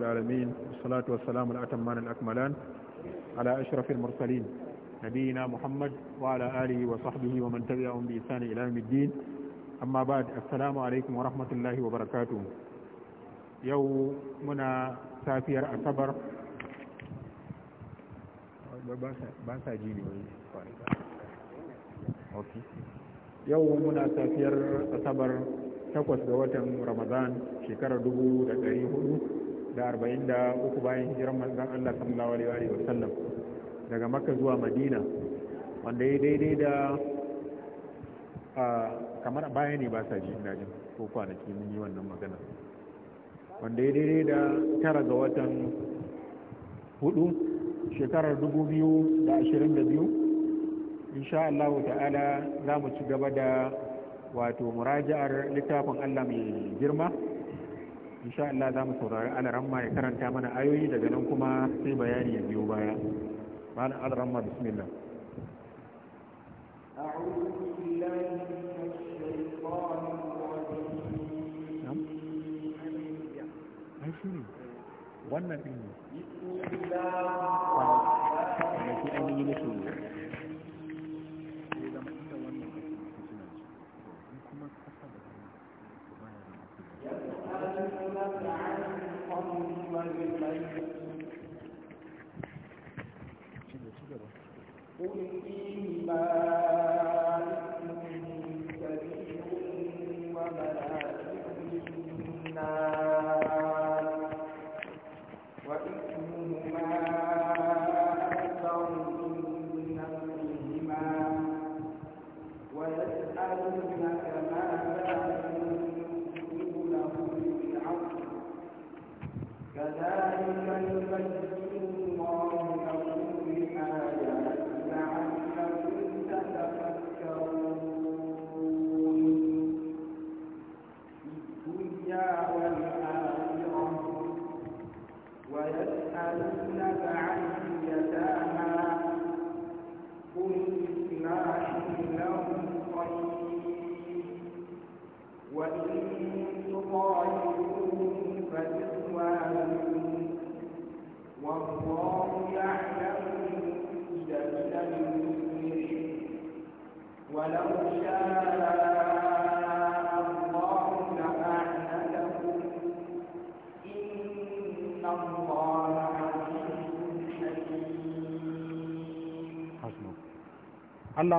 العالمين والصلاة والسلام الأتمان الأكملان على أشرف المرسلين نبينا محمد وعلى آله وصحبه ومن تبعهم بإحسان إلى يوم الدين أما بعد السلام عليكم ورحمة الله وبركاته يومنا سافير أصبر يومنا سافير يوم takwas سافر watan ramadan shekarar رمضان da دبو hudu da arba'in da uku bayan hijiran manzan Allah sallallahu alaihi wa sallam daga makka zuwa madina wanda ya daidai da kamar baya ne ba sa ji ina jin ko kwanaki mun yi wannan magana wanda ya daidai da tara ga watan hudu shekarar dubu biyu da ashirin da biyu insha Allah ta'ala za mu ci gaba da wato muraja'ar littafin Allah mai girma insha Allah za mu saurari alaramma ya karanta mana ayoyi daga nan kuma sai bayani ya biyo baya malam alaramma bismillah أعوذ بالله من الشيطان الرجيم. نعم. أي شنو؟ وانا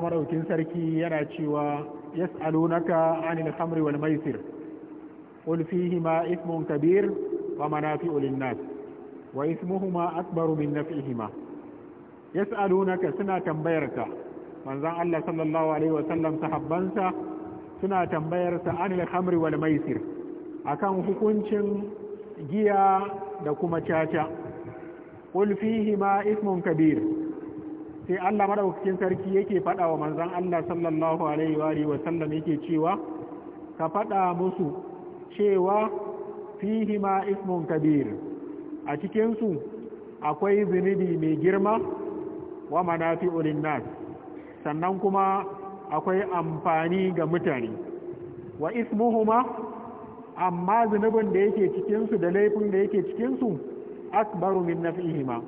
Allah maraukin sarki yana cewa yas'alunaka anil khamri wal maisir qul fihima ithmun kabir wa manafi'u lin-nas wa ithmuhuma akbaru min naf'ihima yas'alunaka suna tambayarka manzon Allah sallallahu alaihi wa sallam sahabbansa suna tambayarsa anil khamri wal maisir akan hukuncin giya da kuma caca qul fihima ithmun kabir sai Allah madaukakin sarki yake faɗa wa manzan Allah sallallahu alaihi wa alihi wa sallam yake cewa ka faɗa musu cewa fihi ma ismun kabir a cikinsu akwai zunubi mai girma wa manafi'u nas, sannan kuma akwai amfani ga mutane wa ismuhuma amma zunubin da yake cikinsu da laifin da yake cikinsu akbaru min naf'ihima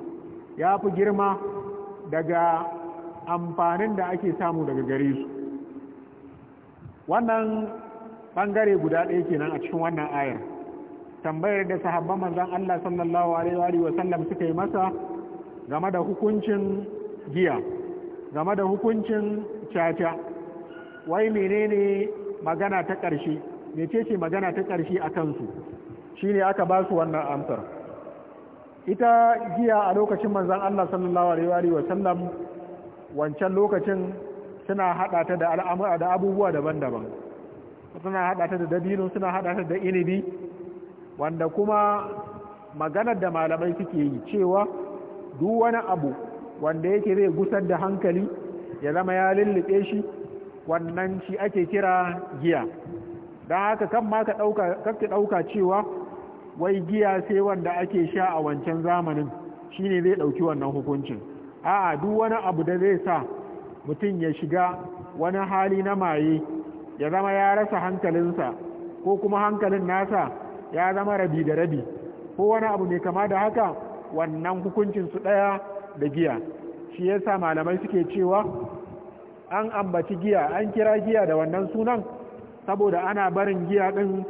ya fi girma daga amfanin da ake samu daga gare su wannan bangare guda ɗaya kenan a cikin wannan ayar tambayar da sahabban manzan Allah sallallahu alaihi wa sallam suka yi masa game da hukuncin giya game da hukuncin caca wai menene magana ta ƙarshe ce magana ta ƙarshe a kansu Shi ne aka ba su wannan amsar ita giya a lokacin manzan Allah sallallahu alaihi wa wancan lokacin suna hada da al'amura da abubuwa daban-daban suna hada ta da dabinu suna hada da inibi wanda kuma maganar da malamai suke yi cewa duk wani abu wanda yake zai gusar da hankali ya zama ya lullube shi wannan shi ake kira giya don haka kan ma ka ɗauka cewa wai giya sai wanda ake sha a wancan zamanin shine zai ɗauki wannan hukuncin a'a duk wani abu da zai sa mutum ya shiga wani hali na maye ya zama ya rasa hankalinsa ko kuma hankalin nasa ya zama rabi da rabi ko wani abu mai kama da haka wannan hukuncin su ɗaya da giya shi yasa malamai suke cewa an ambaci giya an kira giya da wannan sunan saboda ana barin giya ɗin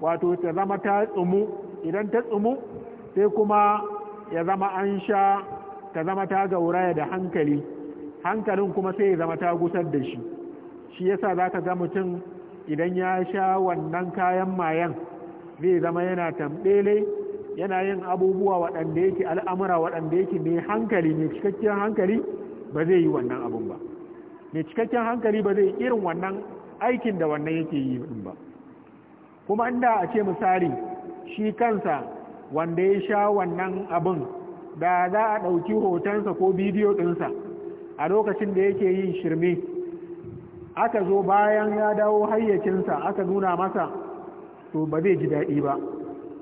wato ta zama ta tsumu idan ta tsumu sai kuma ya zama an sha ta zama ta gauraya da hankali hankalin kuma sai ya zama ta gusar da shi shi yasa za ka ga mutum idan ya sha wannan kayan mayan zai zama yana tambele yana yin abubuwa waɗanda yake al'amura waɗanda yake mai hankali mai cikakken hankali ba zai yi wannan abun ba mai cikakken hankali ba zai irin wannan aikin da wannan yake yi ba kuma inda a ce misali shi kansa wanda ya sha wannan abin da za a ɗauki hotonsa ko bidiyo ɗinsa a lokacin da yake yin shirme aka zo bayan ya dawo hayyacinsa aka nuna masa to ba zai ji daɗi ba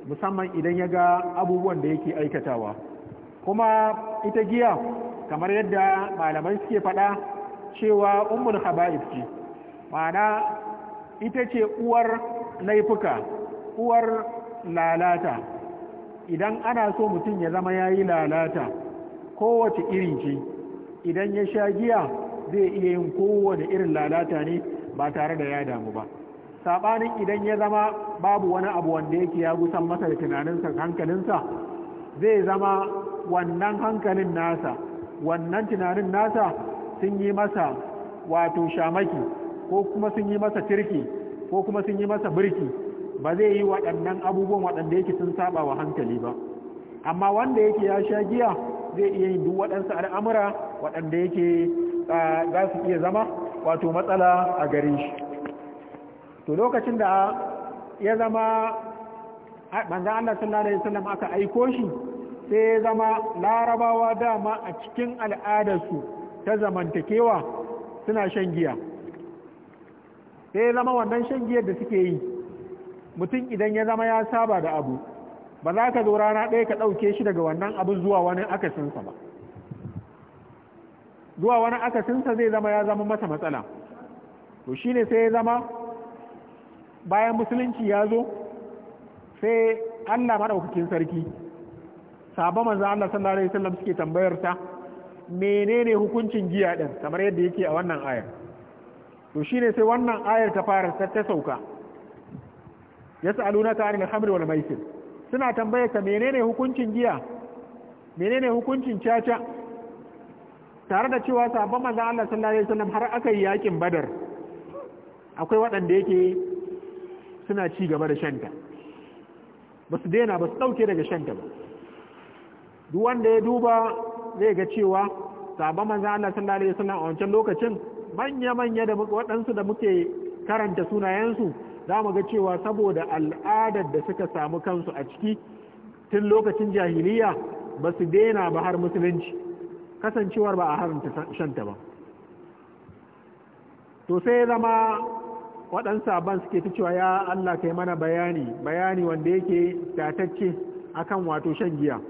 musamman idan ya ga abubuwan da yake aikatawa kuma ita giya kamar yadda malamai suke faɗa cewa umar haba ce ma'ana ita ce uwar laifuka uwar lalata idan ana so mutum ya zama ya yi lalata kowace irin ce idan ya sha giya zai iya yin kowane irin lalata ne ba tare da ya damu ba saɓanin idan ya zama babu wani abu wanda yake ya gusan masa da tunaninsa hankalinsa zai zama wannan hankalin nasa wannan tunanin nasa sun yi masa wato shamaki ko kuma sun yi masa tirki ko kuma sun yi masa birki ba zai yi waɗannan abubuwan waɗanda yake sun saba wa hankali ba amma wanda yake ya sha giya zai iya yin duk waɗansu al'amura waɗanda yake za su iya zama wato matsala a gare shi to lokacin da ya zama manzan Allah sallallahu alaihi wasallam aka aiko shi sai ya zama larabawa dama a cikin al'adarsu ta zamantakewa suna shan giya sai ya zama wannan shan giyar da suke yi mutum idan ya zama ya saba da abu ba za ka zo rana ɗaya ka ɗauke shi daga wannan abin zuwa wani akasinsa ba zuwa wani akasinsa zai zama ya zama masa matsala to shi ne sai ya zama bayan musulunci ya zo sai allah maɗaukakin sarki saba manzan allah sallallahu alaihi wasallam suke tambayar ta menene hukuncin giya ɗin kamar yadda yake a wannan ayar to shi ne sai wannan ayar ta fara ta sauka Ya ta 'anil hamri wal maisir suna tambaye ta menene hukuncin giya menene hukuncin caca tare da cewa sabon maza Allah sallallahu alaihi wasallam har aka yi yakin badar akwai waɗanda yake suna ci gaba da shanta ba su daina ba su ɗauke daga shanta ba duk wanda ya duba zai ga cewa sabon maza Allah sallallahu alaihi wasallam a wancan lokacin manya-manya da waɗansu da muke karanta sunayensu za mu ga cewa saboda al'adar da suka samu kansu a ciki tun lokacin jahiliya ba su daina ba har musulunci kasancewar ba a haramta shanta ba to sai zama waɗansu suke ta cewa ya Allah kai mana bayani bayani wanda yake tatacce akan wato shan giya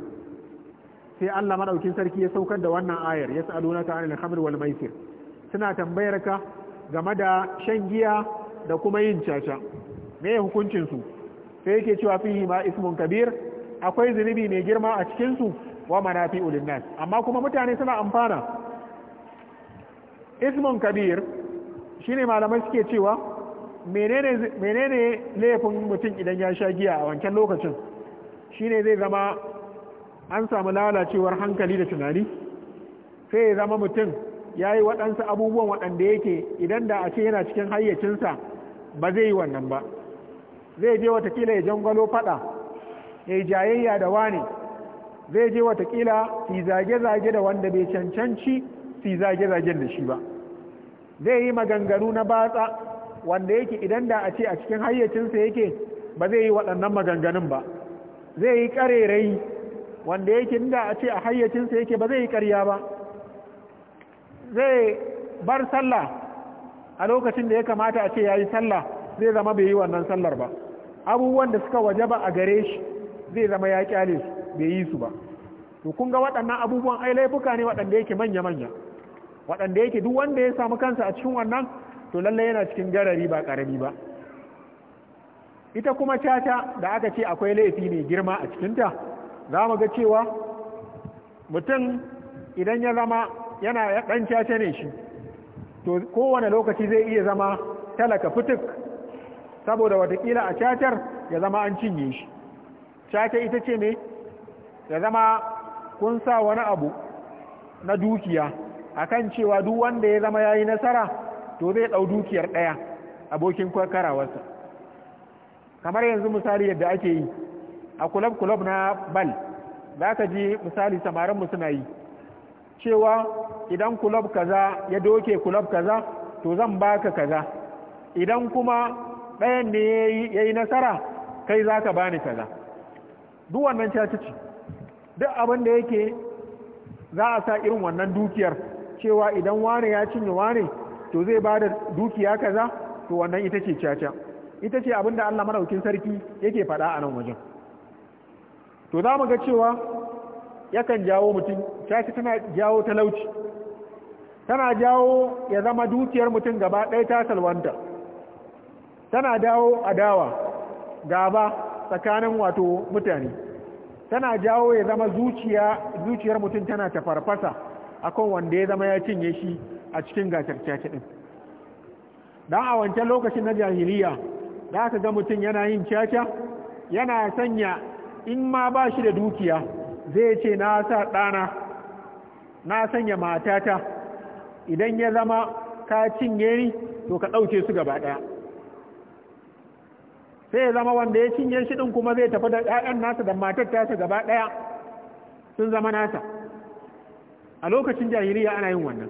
sai Allah maɗaukin sarki ya saukar da wannan ayar ya sa'alunaka anil khamr wal maisir suna tambayar ka game da shan giya da kuma yin caca me hukuncin su sai yake cewa fihi ma ismun kabir akwai zunubi mai girma a cikin su wa manafi'u linnas amma kuma mutane suna amfana ismun kabir shine malamai suke cewa menene menene laifin mutum idan ya sha giya a wancan lokacin shine zai zama an samu lalacewar hankali da tunani sai ya zama mutum ya yi waɗansu abubuwan waɗanda yake idan da a ce yana cikin hayyacinsa ba zai yi wannan ba zai je watakila ya jangwalo fada ya yi jayayya da wani zai je watakila fi zage-zage da wanda bai cancanci fi zage-zagen da shi ba zai yi maganganu na batsa wanda yake idan da a ce a cikin hayyacinsa yake ba zai yi waɗannan maganganun ba zai yi ƙarerai wanda yake inda a ce a hayyacinsa yake ba zai yi ƙarya ba zai bar sallah a lokacin da ya kamata a ce ya yi sallah zai zama bai yi wannan sallar ba abubuwan da suka waje ba a gare shi zai zama ya kyale su bai yi su ba to kun ga waɗannan abubuwan ai laifuka ne waɗanda yake manya-manya waɗanda yake duk wanda ya samu kansa a cikin wannan to lallai yana cikin garari ba ƙarami ba ita kuma caca da aka ce akwai laifi ne girma a cikinta za mu ga cewa mutum idan ya zama yana ɗan caca ne shi to kowane lokaci zai iya zama talaka fituk saboda watakila a cacar ya zama an cinye shi cacar ita ce ne ya zama kun sa wani abu na dukiya akan cewa duk wanda ya zama ya yi nasara to zai ɗau dukiyar ɗaya abokin kwakarawarsa kamar yanzu misali yadda ake yi a kulab-kulab na bal za ka ji misali samarinmu suna yi cewa idan kulab kaza ya doke kulab kaza to zan baka kaza idan kuma ɗayan ne ya yi nasara kai za ka bani kaza duk wannan cacici duk abin da yake za a sa irin wannan dukiyar cewa idan wane ya cinye wane to zai ba da dukiya kaza to wannan ita ce caca ita ce abin da allah maraukin sarki yake faɗa a nan wajen to za mu ga cewa yakan jawo mutum shashi tana jawo talauci tana jawo ya zama dukiyar mutum gaba ɗaya ta salwanta tana jawo adawa gaba tsakanin wato mutane tana jawo ya zama zuciyar mutum tana ta farfasa akan wanda ya zama ya cinye shi a cikin gasar ɗin don a wancan lokacin na jahiliya za ka ga mutum yana yin caca yana sanya in ma ba shi da dukiya zai ce na sa ɗana na sanya matata idan ya zama ka cinye ni to ka ɗauke su gaba ɗaya sai ya zama wanda ya cinye shi ɗin kuma zai tafi da ɗaɗan nasa da matar tasa gaba ɗaya sun zama nasa a lokacin jahiliya ana yin wannan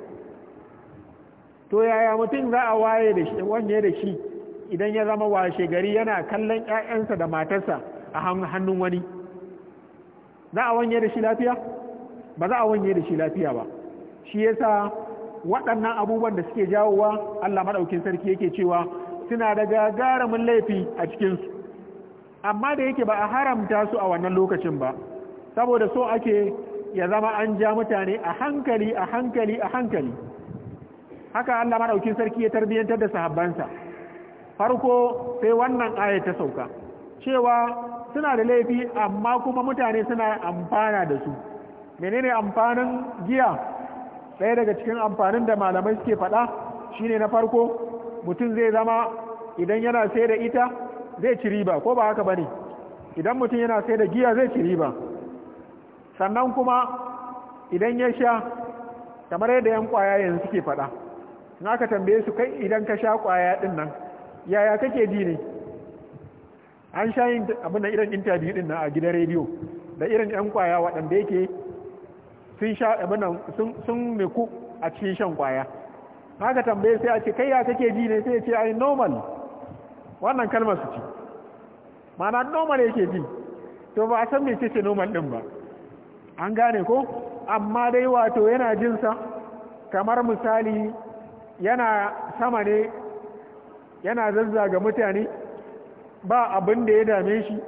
to yaya mutum za a waye da shi wanye da shi idan ya zama washe gari yana kallon ƴaƴansa da matarsa a hannun wani za a wanye da shi lafiya ba za a wanye da shi lafiya ba shi yasa waɗannan abubuwan da suke jawowa Allah maɗaukin sarki yake cewa suna da gagaramin laifi a cikinsu amma da yake ba a haramta su a wannan lokacin ba saboda so ake ya zama an ja mutane a hankali a hankali a hankali haka Allah maɗaukin sarki ya tarbiyyantar da sahabbansa farko sai wannan aya ta sauka cewa suna da laifi amma kuma mutane suna amfana da su menene amfanin giya ɗaya daga cikin amfanin da malamai suke faɗa shine na farko mutum zai zama idan yana sai da ita zai ci riba ko ba haka ba ne idan mutum yana sai da giya zai ci riba sannan kuma idan ya sha kamar yadda yan kwaya yanzu suke faɗa in aka tambaye su kai idan ka sha kwaya ɗin nan yaya kake ji ne an sha yin abin da irin interview din na a gidan rediyo da irin yan kwaya waɗanda yake sun sha abin nan sun miku a cikin shan kwaya haka tambaye sai a ce kai ya kake ji ne sai ya ce ai normal wannan kalmar su ce mana normal yake ji to ba a san me ce normal din ba an gane ko amma dai wato yana jinsa kamar misali yana sama ne yana zazzaga mutane ba abin da ya dame shi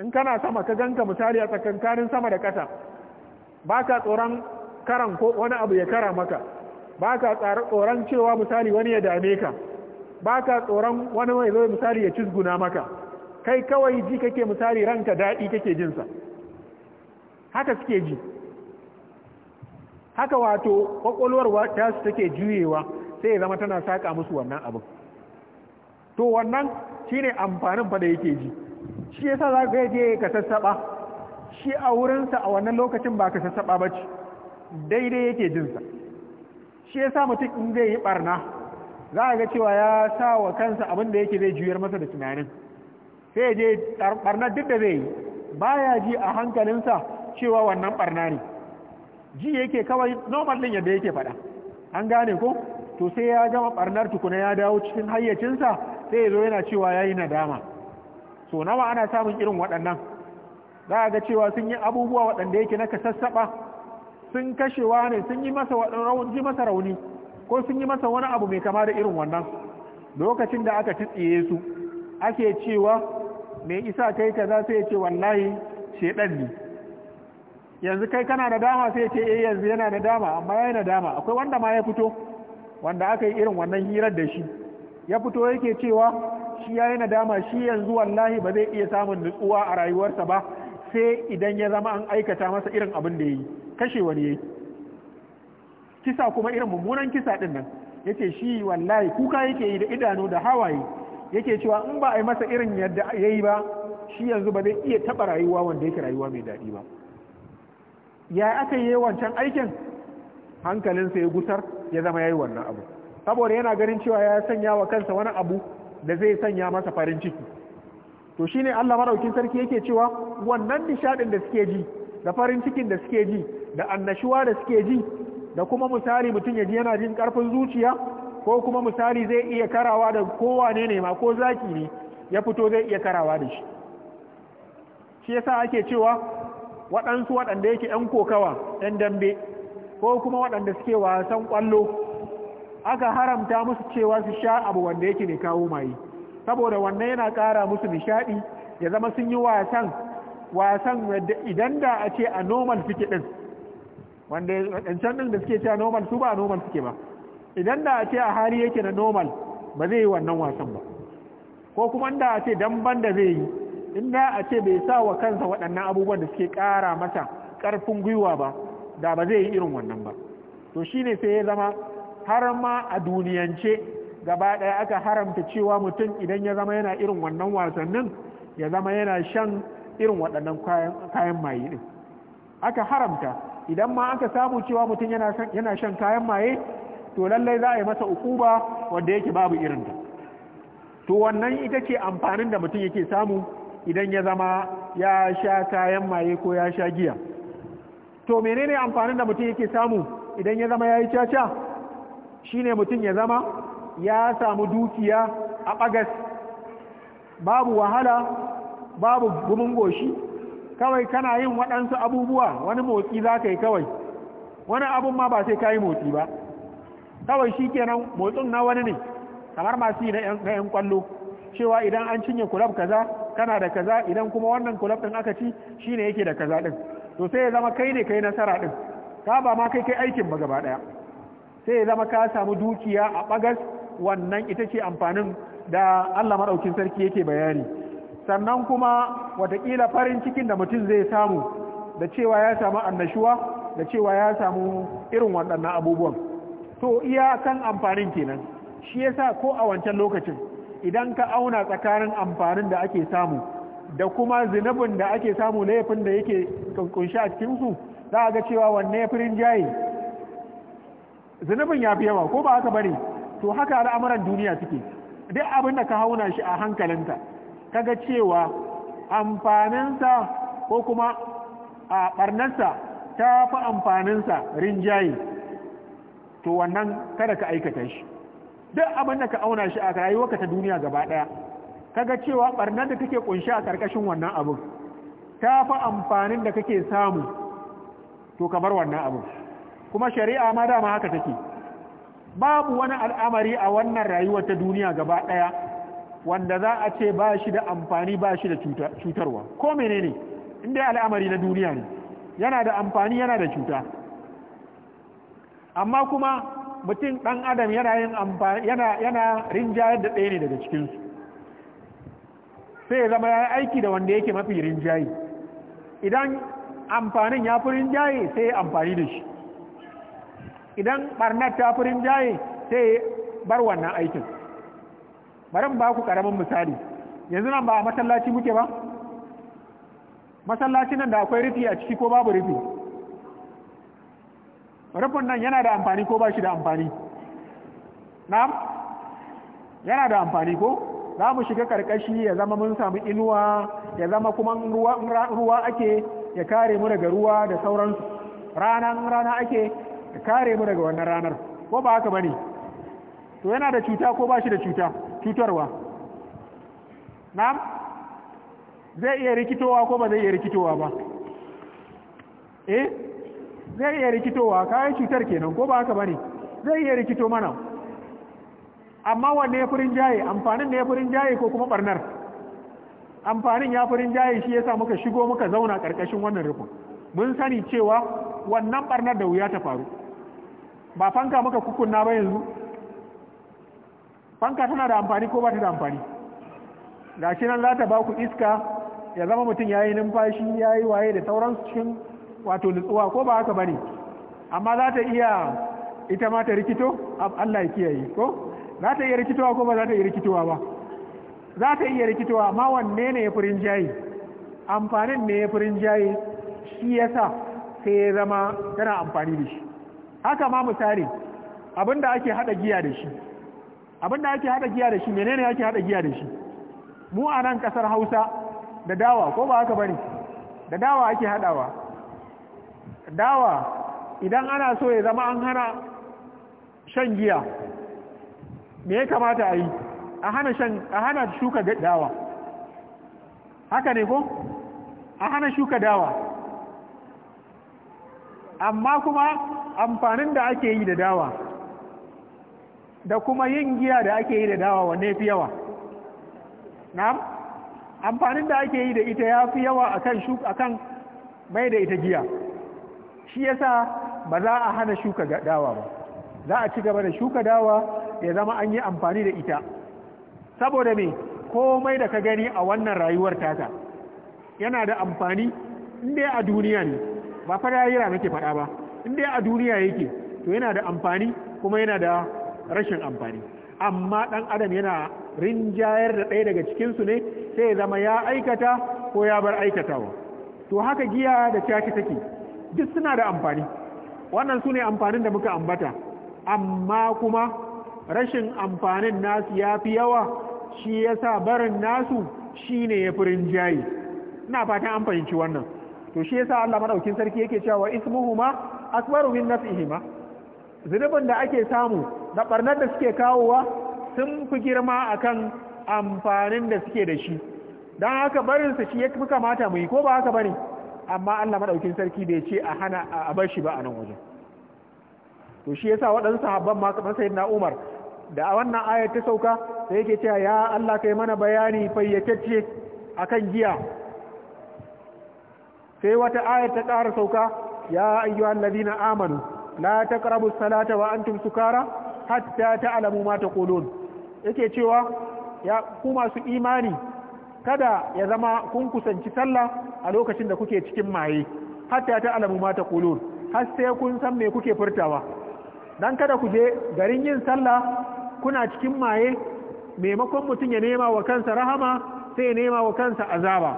in kana sama ka ganka misali a tsakankanin sama da ƙasa ba ka tsoron karan ko wani abu ya kara maka ba ka tsoron cewa misali wani ya dame ka ba ka tsoron wani mai zai misali ya cizguna maka kai kawai ji kake misali ranka daɗi kake jinsa haka suke ji haka wato kwakwalwar ta su take juyewa sai ya zama tana saƙa musu wannan abin to wannan shi ne amfanin fa yake ji shi ya sa za ka je ka sassaba shi a wurinsa a wannan lokacin ba ka sassaba ba ce daidai yake jinsa shi ya sa mutum in zai yi barna za a ga cewa ya sa wa kansa abin da yake zai juyar masa da tunanin sai je barna duk da zai yi ya ji a hankalinsa cewa wannan barna ne ji yake kawai normal din yadda yake faɗa an gane ko to sai ya gama ɓarnar tukuna ya dawo cikin hayyacinsa sai ya zo yana cewa ya yi nadama so nawa ana samun irin waɗannan za a ga cewa sun yi abubuwa waɗanda yake na sassaɓa? sun kashewa ne sun yi masa rauni ko sun yi masa wani abu mai kama da irin wannan lokacin da aka titsiye su ake cewa mai isa kai ka za sai ya ce wallahi shedan ne yanzu kai kana da dama sai ce eh yanzu yana da dama amma yana da dama akwai wanda ma ya fito wanda aka yi irin wannan hirar da shi ya fito yake cewa shi ya yi nadama shi yanzu wallahi ba zai iya samun nutsuwa a rayuwarsa ba sai idan ya zama an aikata masa irin abin da ya yi kashe wani ya yi kisa kuma irin mummunan kisa din nan ya ce shi wallahi kuka yake yi da idanu da hawaye yake cewa in ba a yi masa irin yadda ya yi ba shi yanzu ba zai iya taɓa rayuwa wanda yake rayuwa mai daɗi ba ya aka yi wancan aikin hankalinsa ya gusar ya zama ya yi wannan abu saboda yana ganin cewa ya sanya wa kansa wani abu da zai sanya masa farin ciki to shine Allah maraukin sarki yake cewa wannan nishadin da suke ji da farin cikin da suke ji da annashuwa da suke ji da kuma misali mutum ya ji yana jin karfin zuciya ko kuma misali zai iya karawa da kowane ne ma ko zaki ne ya fito zai iya karawa da shi shi yasa ake cewa waɗansu waɗanda yake 'yan kokawa 'yan dambe ko kuma waɗanda suke wasan ƙwallo aka haramta musu cewa su sha abu wanda yake mai kawo maye saboda wannan yana ƙara musu nishaɗi ya zama sun yi wasan wasan idan da a ce a normal suke ɗin wanda ɗancan ɗin da suke cewa normal su ba normal suke ba idan da a ce a hali yake na normal ba zai yi wannan wasan ba ko kuma da a ce damban da zai yi in da a ce bai sa wa kansa waɗannan abubuwan da suke ƙara masa ƙarfin gwiwa ba da ba zai yi irin wannan ba to shine sai ya zama har ma a duniyance gaba ɗaya aka haramta cewa mutum idan ya zama yana irin wannan wasannin ya zama yana shan irin waɗannan kayan maye ɗin aka haramta idan ma aka samu cewa mutum yana shan kayan maye to lallai za a yi masa ukuba wanda yake babu irinta to wannan ita ce amfanin da mutum yake samu idan ya zama ya sha kayan maye ko ya sha giya to menene amfanin da mutum yake samu idan ya zama ya yi caca shi ne mutum ya zama ya samu dukiya a ɓagas babu wahala babu gumin goshi kawai kana yin waɗansu abubuwa wani motsi za ka yi kawai wani abun ma ba sai ka yi motsi ba kawai shi kenan motsin na wani ne kamar masu yi na 'yan kwallo cewa idan an cinye kulab kaza kana da kaza idan kuma wannan kulab ɗin aka ci shi ne yake da kaza ɗin to sai ya zama kai ne kai nasara ɗin ka ba ma kai kai aikin ba gaba ɗaya sai ya zama ka samu dukiya a bagas wannan ita ce amfanin da Allah maɗaukin sarki yake bayani sannan kuma watakila farin cikin da mutum zai samu da cewa ya samu annashuwa da cewa ya samu irin waɗannan abubuwan to iya kan amfanin kenan shi yasa ko a wancan lokacin idan ka auna tsakanin amfanin da ake samu da kuma zinubin da ake samu laifin da yake kunshi a cikinsu za a ga cewa wanne ya firin jayi zunubin ya fi yawa ko ba haka bane to haka al'amuran duniya suke duk abin da ka hauna shi a hankalinta kaga cewa amfaninsa ko kuma a barnarsa ta fi amfaninsa rinjaye to wannan kada ka aikata shi duk abin da ka auna shi a rayuwarka ta duniya gaba daya kaga cewa barnar da take kunshi a karkashin wannan abin ta fi amfanin da kake samu to ka bar wannan abin kuma shari'a ma dama haka take babu wani al'amari a wannan rayuwar ta duniya gaba ɗaya wanda za a ce ba shi da amfani ba shi da cutarwa ko menene inda al'amari na duniya ne yana da amfani yana da cuta amma kuma mutum ɗan adam yana yin amfani yana yana rinjayar da ɗaya ne daga cikinsu sai ya zama ya aiki da wanda yake mafi rinjaye idan amfanin ya fi rinjaye sai amfani da shi idan barnar ta furin jaye sai bar wannan aikin bari ba ku karamin misali yanzu nan ba a masallaci muke ba masallaci nan da akwai rufi a ciki ko babu rufi rufin nan yana da amfani ko ba shi da amfani na'am yana da amfani ko za mu shiga karkashi ya zama mun samu inuwa ya zama kuma ruwa ake ya kare mu daga ruwa da sauransu ranan rana ake ka kare mu daga wannan ranar ko ba haka bane to yana da cuta ko ba shi da cuta cutarwa na'am zai iya rikitowa ko ba zai iya rikitowa ba eh zai iya rikitowa kayan cutar kenan ko ba haka bane zai iya rikito mana amma wanne ya furin jaye amfanin ne ya furin jaye ko kuma barnar amfanin ya furin jaye shi yasa muka shigo muka zauna karkashin wannan rufin mun sani cewa wannan barnar da wuya ta faru ba fanka maka kukunna ba yanzu fanka tana da amfani ko ba ta da amfani ga shi nan za ta ba ku iska ya zama mutum ya yi numfashi ya yi waye da sauran cikin wato nutsuwa ko ba haka ba ne amma za ta iya ita ma ta rikito allah ya kiyaye ko za ta iya rikitowa ko ba za ta iya rikitowa ba za ta iya rikitowa amma wanne ne ya furin jayi amfanin ne ya furin jayi shi yasa sai ya zama tana amfani da shi haka ma misali abinda ake hada giya da shi abinda ake hada giya da shi menene ake hada giya da shi mu a nan kasar Hausa da dawa ko ba haka bane da dawa ake hadawa dawa idan ana so ya zama an hana shan giya me ya kamata a yi a hana shan a hana shuka dawa haka ne ko a hana shuka dawa amma kuma amfanin da ake yi da dawa da kuma yin giya da ake yi da dawa wanne fi yawa na'am amfanin da ake yi da ita ya fi yawa akan akan mai da ita giya shi yasa ba za a hana shuka dawa ba za a ci gaba da shuka dawa ya zama an yi amfani da ita saboda me komai da ka gani a wannan rayuwar taka yana da amfani inda a duniya ne ba fara yi nake faɗa ba in dai a duniya yake to yana da amfani kuma yana da rashin amfani amma dan adam yana rinjayar da ɗaya daga cikinsu ne sai ya zama ya aikata ko ya bar aikatawa to haka giya da caci take duk suna da amfani wannan su ne amfanin da muka ambata amma kuma rashin amfanin nasu ya fi yawa shi ya sa barin nasu shi ne ya fi rinjaye ina fatan an fahimci wannan to shi ya sa Allah maɗaukin sarki yake cewa ismuhuma akbaru min nafihima zunubin da ake samu na barnar da suke kawowa sun fi girma akan amfanin da suke da shi don haka barin su shi ya fi kamata mu yi ko ba haka bane amma Allah madaukin sarki bai ce a hana a bar shi ba a nan wajen to shi yasa waɗansu sahabban ma kamar sayyidina Umar da a wannan ayar ta sauka sai yake cewa ya Allah kai mana bayani fayyacecce akan giya sai wata ayar ta ƙara sauka Ya يا أيها amanu La لا تقربوا wa antum sukara hatta ta'lamu ma taqulun yake cewa ya ku masu imani kada ya zama kun kusanci sallah a lokacin da kuke cikin maye hatta ta'lamu ma mata har sai kun san me kuke furtawa dan kada ku je garin yin sallah kuna cikin maye maimakon mutum ya nema wa kansa rahama sai ya nema wa kansa azaba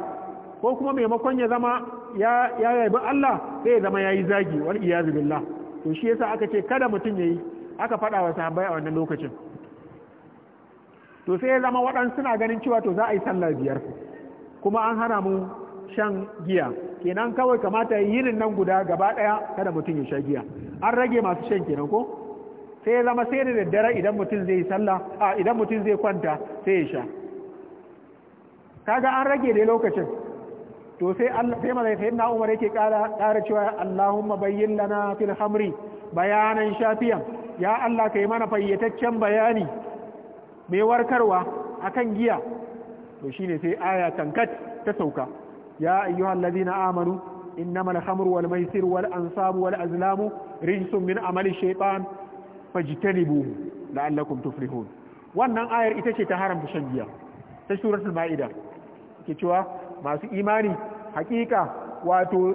ko kuma maimakon ya zama ya yabi Allah sai ya zama yayi zagi wal iyazu billah to shi yasa aka ce kada mutum yayi aka faɗa wa sahabbai a wannan lokacin to sai ya zama waɗansu suna ganin cewa to za a yi sallah biyar kuma an hana mu shan giya kenan kawai kamata yinin nan guda gaba ɗaya kada mutum ya sha giya an rage masu shan kenan ko sai ya zama sai da daddare idan mutum zai sallah a idan mutum zai kwanta sai ya sha kaga an rage dai lokacin to sai Allah sai mazai Umar yake kara kara cewa Allahumma bayyin lana fil hamri bayanan shafiyan ya Allah kai mana fayyataccen bayani mai warkarwa akan giya to shine sai aya tankat ta sauka ya ayyuhal ladina amanu innamal khamru wal maisir wal ansabu wal azlamu rijsun min amali shaytan fajtanibu la'allakum tuflihun wannan ayar ita ce ta haramta shan giya ta suratul ma'ida ke cewa masu imani hakika wato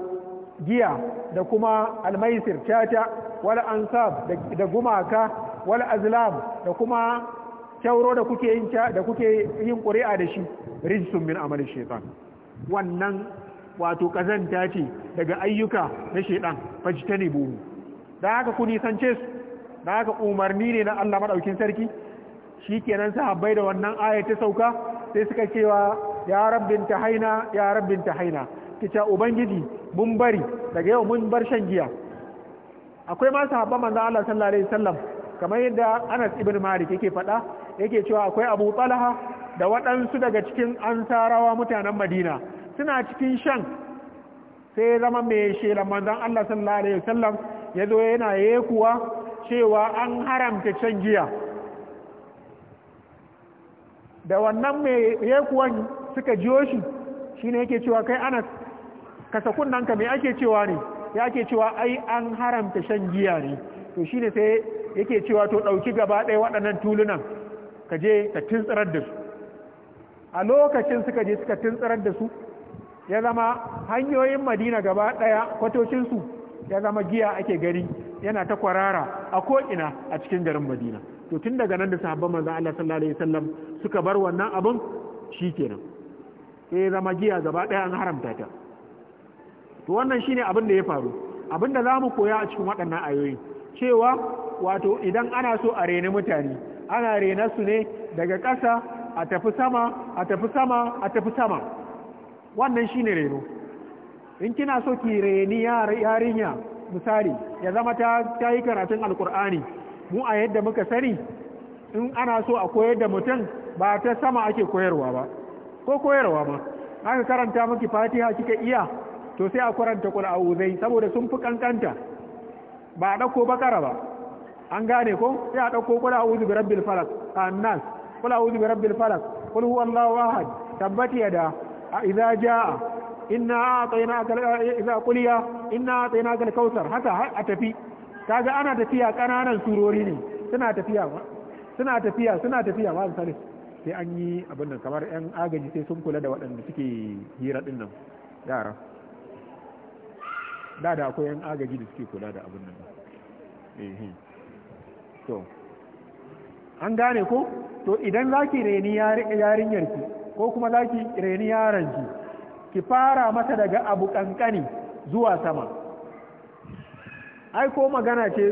giya da kuma almaisir cata wal ansab da gumaka wal azlam da kuma kyauro da kuke yin da kuke yin ƙuri'a da shi rijsun min amali shaitan wannan wato kazanta ce daga ayyuka na shaitan fajtani bu da haka ku nisance su da haka umarni ne na Allah madaukin sarki shikenan sahabbai da wannan aya ta sauka sai suka cewa ya rabbin ta haina ya rabbin ta haina kica ubangiji mun bari daga yau mun bar shan giya akwai ma sahabban manzo Allah sallallahu alaihi wasallam kamar yadda Anas ibn Malik yake faɗa yake cewa akwai Abu Talha da waɗansu daga cikin ansarawa mutanen Madina suna cikin shan sai zama mai shela manzon Allah sallallahu alaihi wasallam ya zo yana yekuwa cewa an haramta shan giya da wannan mai yekuwan suka jiyo shi shi ne yake cewa kai anas kasa kunnanka me ake cewa ne ya ake cewa ai an haramta shan giya ne to shine sai yake cewa to ɗauki gaba ɗaya waɗannan tulunan ka je ka tuntsirar da su a lokacin suka je suka tuntsirar da su ya zama hanyoyin madina gaba ɗaya kwatocinsu ya zama giya ake gani yana ta kwarara a ko'ina a cikin garin madina to tun daga nan da sahabban manzan Allah sallallahu alaihi wasallam suka bar wannan abin shikenan sai zama jiya gaba ɗaya an haramta ta to wannan shine abin da ya faru abin da za mu koya a cikin waɗannan ayoyi cewa wato idan ana so a reni mutane ana rena su ne daga ƙasa a tafi sama a tafi sama a tafi sama wannan shi ne reno in kina so ki reni yarinya misali ya zama ta yi karatun alkur'ani mu a yadda muka sani in ana so a koyar da mutum ba ta sama ake koyarwa ba ko koyarwa ma aka karanta maki fatiha kika iya to sai a karanta kul a'udhai saboda sun fi kankanta ba a dauko bakara ba an gane ko sai a dauko kul a'udhu bi rabbil falaq annas kul a'udhu bi rabbil falaq kul huwallahu ahad tabbati yada idza jaa inna a'tainaka idza quliya inna a'tainaka al-kautsar haka a tafi kaga ana tafiya kananan surori ne suna tafiya suna tafiya suna tafiya ba su sai an yi abin nan kamar yan agaji sai sun kula da waɗanda suke hira ɗin nan yara da da akwai yan agaji da suke kula da abin nan to an gane ko to idan za ki reni yarinyarki ko kuma za ki reni yaranki ki fara masa daga abu kankani zuwa sama ai ko magana ce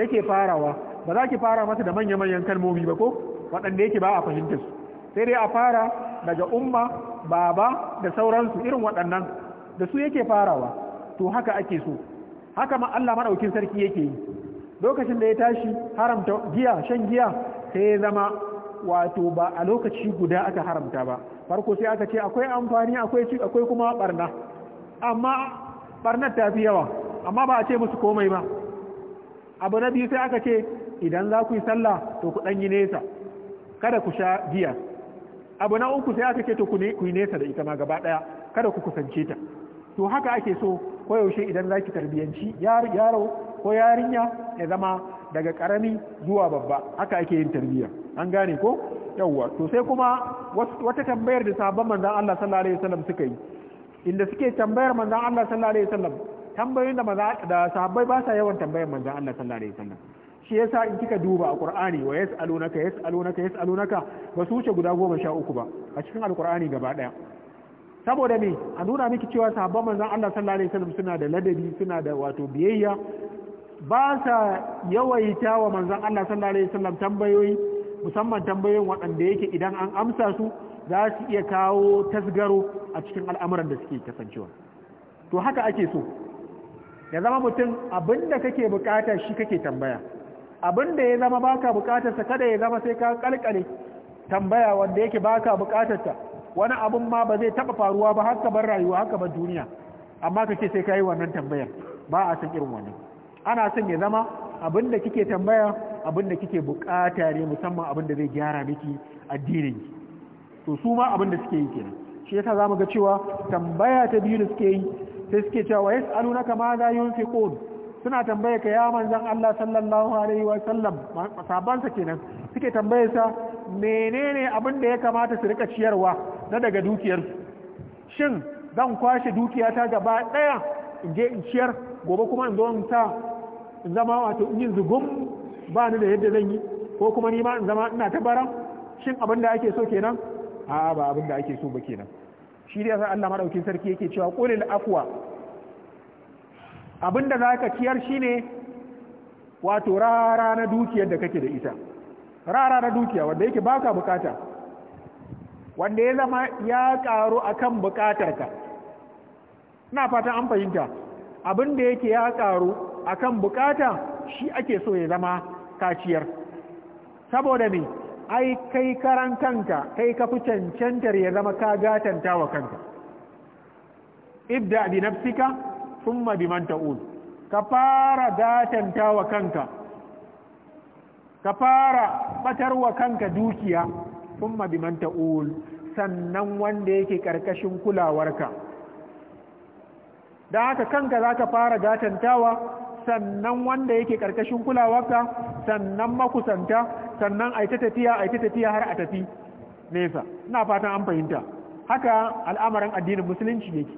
yake farawa ba za ki fara masa da manya-manyan kalmomi ba ko waɗanda yake ba a fahimta su sai dai a fara daga umma baba da sauransu irin waɗannan da su yake farawa to haka ake so haka ma Allah maɗaukin sarki yake yi lokacin da ya tashi haramta giya shan giya sai ya zama wato ba a lokaci guda aka haramta ba farko sai aka ce akwai amfani akwai akwai kuma barna amma barnar ta fi yawa amma ba a ce musu komai ba abu na biyu sai aka ce idan za ku yi sallah to ku ɗan yi nesa kada ku sha giya abu na uku sai aka ce to ku yi nesa da ita ma gaba daya kada ku kusance ta to haka ake so ko yaushe idan zaki tarbiyanci yaro ko yarinya ya zama daga karami zuwa babba haka ake yin tarbiyya an gane ko yawwa to sai kuma wata tambayar da sabon manzon Allah sallallahu alaihi wasallam suka yi inda suke tambayar manzon Allah sallallahu alaihi wasallam tambayoyin da da sahabbai ba sa yawan tambayar manzon Allah sallallahu alaihi wasallam shi yasa in kika duba a qur'ani wa yas'alunaka yas'alunaka yas'alunaka ba su wuce guda goma sha uku ba a cikin alqur'ani gaba daya saboda me a nuna miki cewa sahabban manzon Allah sallallahu alaihi wasallam suna da ladabi suna da wato biyayya ba sa yawaita wa manzon Allah sallallahu alaihi wasallam tambayoyi musamman tambayoyin waɗanda yake idan an amsa su za su iya kawo tasgaro a cikin al'amuran da suke kasancewa to haka ake so ya zama mutum abinda kake bukata shi kake tambaya abin da ya zama baka bukatarsa kada ya zama sai ka kalkale tambaya wanda yake baka bukatarsa wani abin ma ba zai taba faruwa ba haka bar rayuwa haka bar duniya amma ka sai ka yi wannan tambayar ba a san irin wannan ana son ya zama abin da kike tambaya abin da kike bukata ne musamman abin da zai gyara miki addinin ki to su ma abin da suke yi kenan shi yasa zamu ga cewa tambaya ta biyu da suke yi sai suke cewa yas'alunaka ma za yunfiqun suna tambaye ka ya manzan Allah sallallahu alaihi wa sallam sabansa kenan suke tambaye sa menene abin da ya kamata su rika ciyarwa na daga dukiyar shin zan kwashe dukiyata gaba daya in je in ciyar gobe kuma in zo in ta in zama wato in yi ba ni da yadda zan yi ko kuma ni ma in zama ina ta baran shin abin da ake so kenan a'a ba abin da ake so ba kenan shi da sa Allah madaukin sarki yake cewa qulil afwa abinda za ka ciyar shi ne wato rara na dukiyar da kake da ita rara na dukiya wanda yake baka bukata wanda ya zama ya karu akan bukatarka ina fatan an fahimta abinda yake ya karu akan bukata shi ake so ya zama kaciyar saboda ne ai kai karan kanka kai ka cancantar ya zama ka gatanta wa kanka ibda bi nafsika thumma biman ta'ud ka fara gatanta wa kanka ka fara batar wa kanka dukiya thumma biman ta'ul sannan wanda yake karkashin kulawarka da haka kanka za ka fara gatantawa sannan wanda yake karkashin kulawarka sannan makusanta sannan aita tafiya aita tafiya har a tafi nesa ina fatan an fahimta haka al'amarin addinin musulunci yake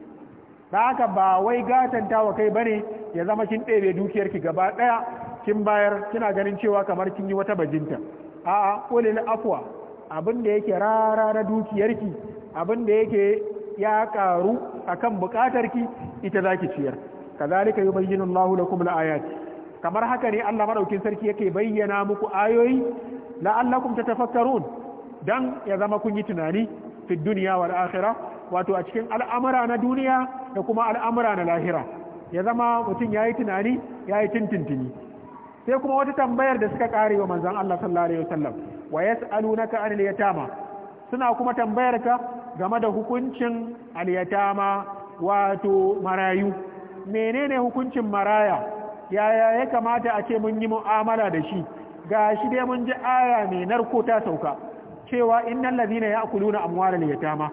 da haka ba wai gatanta wa kai bane ya zama kin ɗebe dukiyarki gaba ɗaya kin bayar kina ganin cewa kamar kin yi wata bajinta a'a na afwa abin da yake rara na dukiyarki abin da yake ya karu akan bukatarki ita zaki ciyar kazalika yubayyinu Allahu lakum al-ayat kamar haka ne Allah madaukin sarki yake bayyana muku ayoyi la'allakum tatafakkarun dan ya zama kun yi tunani fi dunya wal akhirah wato a cikin al'amura na duniya da kuma al'amura na lahira ya zama mutum ya yi tunani ya yi tintintini sai kuma wata tambayar da suka kare wa manzan Allah sallallahu alaihi wasallam wa na suna kuma tambayar ka game da hukuncin al wato marayu menene hukuncin maraya yaya ya kamata a ce mun yi mu'amala da shi ga shi dai mun ji aya mai narko ta sauka cewa ya na ya'kuluna amwalal yatama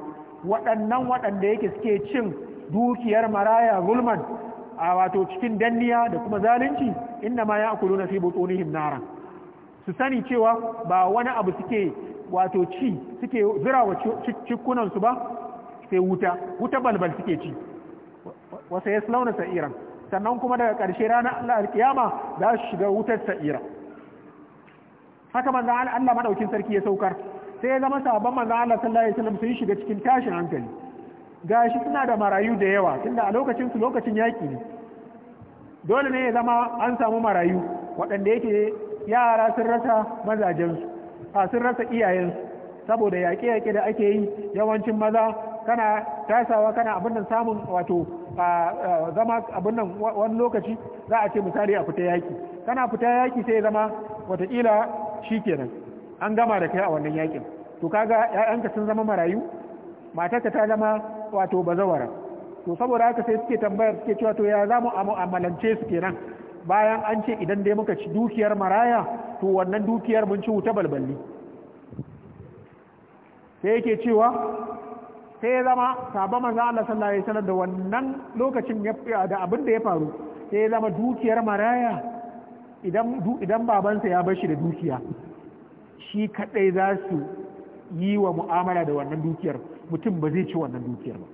waɗannan waɗanda yake suke cin dukiyar maraya Gulman, a wato cikin danniya da kuma zalunci inda ma ya akulu na fi butunihim nara su sani cewa ba wani abu suke wato ci suke zira wa cikunansu ba sai wuta wuta balbal suke ci wasa ya slauna sa'ira sannan kuma daga ƙarshe ranar Allah alkiyama za su shiga wutar sa'ira haka manzan Allah madaukin sarki ya saukar sai ya zama sabon manzan Allah sallallahu alaihi wasallam sun shiga cikin tashin hankali gashi suna da marayu da yawa tunda a lokacinsu lokacin yaƙi ne dole ne ya zama an samu marayu waɗanda yake yara sun rasa mazajensu a sun rasa iyayensu saboda yaƙe-yaƙe da ake yi yawancin maza kana tasawa kana abin nan samun wato zama abin nan wani lokaci za a ce misali a fita yaƙi kana fita yaƙi sai zama watakila shi kenan an gama da kai a wannan yaƙin to kaga 'ya'yanka sun zama marayu matarka ta zama wato bazawara to saboda haka sai suke tambayar suke cewa to ya zamu mu'amalance su kenan bayan an ce idan dai muka ci dukiyar maraya to wannan dukiyar mun ci wuta balballi sai yake cewa sai ya zama sabon manzan Allah sallallahu alaihi wasallam da wannan lokacin da abin da ya faru sai ya zama dukiyar maraya idan babansa ya bar shi da dukiya shi kadai za su yi wa mu'amala da wannan dukiyar mutum ba zai ci wannan dukiyar ba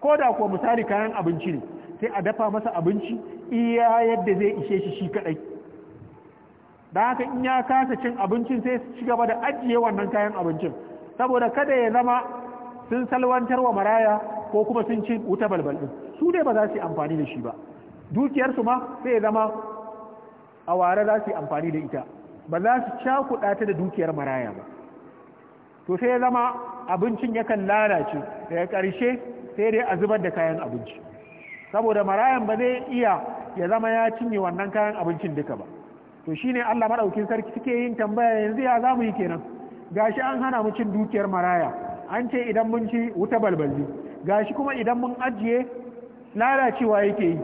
ko da kuwa misali kayan abinci ne sai a dafa masa abinci iya yadda zai ishe shi shi kadai da haka in ya kasa cin abincin sai su ci gaba da ajiye wannan kayan abincin saboda kada ya zama sun salwantar wa maraya ko kuma sun ci wuta balbal din su dai ba za su yi amfani da shi ba dukiyarsu ma sai ya zama a ware za su yi amfani da ita ba za su cakuɗa ta da dukiyar maraya ba to sai ya zama abincin yakan lalace daga ƙarshe sai dai a zubar da kayan abinci saboda marayan ba zai iya ya zama ya cinye wannan kayan abincin duka ba to shine Allah madaukin sarki suke yin tambaya yanzu ya zamu yi kenan gashi an hana mu cin dukiyar maraya an ce idan mun ci wuta balbalbi gashi kuma idan mun ajiye lalacewa yake yi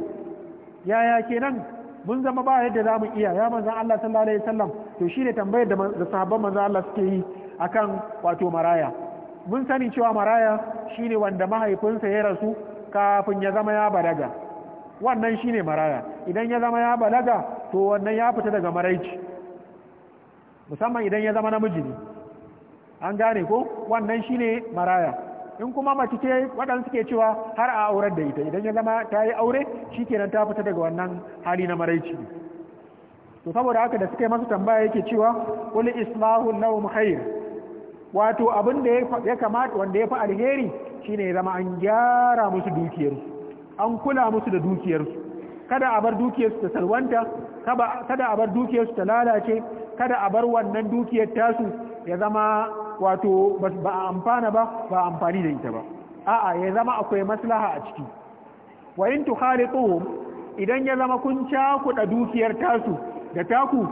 yaya kenan mun zama ba yadda zamu iya ya manzon Allah sallallahu alaihi wasallam to shine tambayar da sahabban manzon Allah suke yi akan wato maraya mun sani cewa maraya shine wanda mahaifinsa ya rasu kafin ya zama ya balaga wannan shine maraya idan ya zama ya balaga to wannan ya fita daga maraici musamman idan ya zama namiji ne an gane ko wannan shine maraya in kuma mace ce waɗanda suke cewa har a aurar da ita idan ya zama ta yi aure shikenan ta fita daga wannan hali na maraici to saboda haka da suke masa tambaya yake cewa qul islahu lahum khair wato abin da ya kamata wanda ya fi alheri shine ya zama an gyara musu dukiyarsu an kula musu da dukiyarsu kada a bar dukiyarsu ta salwanta kada a bar dukiyarsu ta lalace kada a bar wannan dukiyar tasu ya zama wato ba a amfana ba ba a amfani da ita ba a'a ya zama akwai maslaha a ciki wa in tukhaliquhum idan ya zama kun cakuɗa dukiyar tasu da taku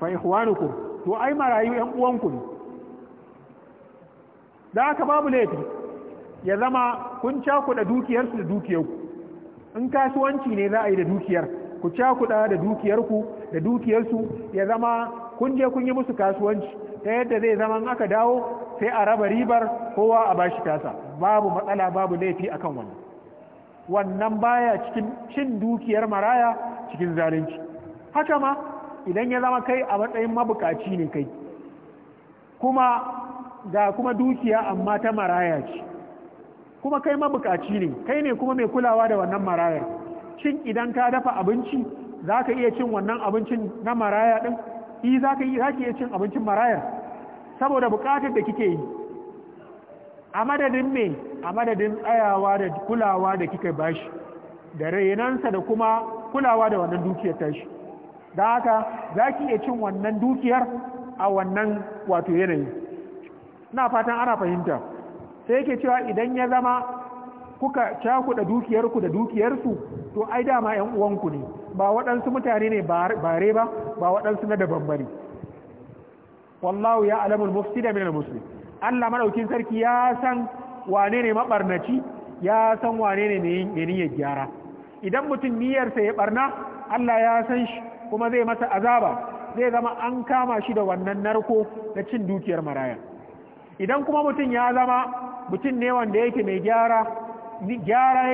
fa ihwanukum to ai marayu yan uwanku ne da haka babu laifi ya zama kun cakuɗa dukiyarsu da dukiyarku in kasuwanci ne za a yi da dukiyar ku cakuɗa da dukiyarku da dukiyarsu ya zama kun je kun yi musu kasuwanci ta yadda zai zama aka dawo sai a raba ribar kowa a bashi tasa babu matsala babu laifi akan wannan wannan baya cikin cin dukiyar maraya cikin zalunci haka ma idan ya zama kai a matsayin mabukaci ne kai kuma ga kuma dukiya amma ta maraya ce kuma kai mabukaci ne kai ne kuma mai kulawa da wannan marayar shin idan ka dafa abinci za ka iya cin wannan abincin na maraya ɗin yi e, za ka iya cin abincin marayar saboda bukatar da kike yi a madadin me a madadin tsayawa da kulawa da kika bashi da rainansa da kuma kulawa da wannan dukiyar tashi da haka za ki iya cin wannan dukiyar a wannan wato yanayi na fatan ana fahimta sai yake cewa idan ya zama kuka cakuɗa dukiyarku da dukiyarsu to ai dama yan uwanku ne ba waɗansu mutane ne bare ba ba waɗansu na daban bane wallahu ya alamul da minal muslim Allah madaukin sarki ya san wane ne mabarnaci ya san wane ne ne niyyar gyara idan mutum niyyarsa ya barna Allah ya san shi kuma zai masa azaba zai zama an kama shi da wannan narko na cin dukiyar maraya idan kuma mutum ya zama mutum ne wanda yake mai gyara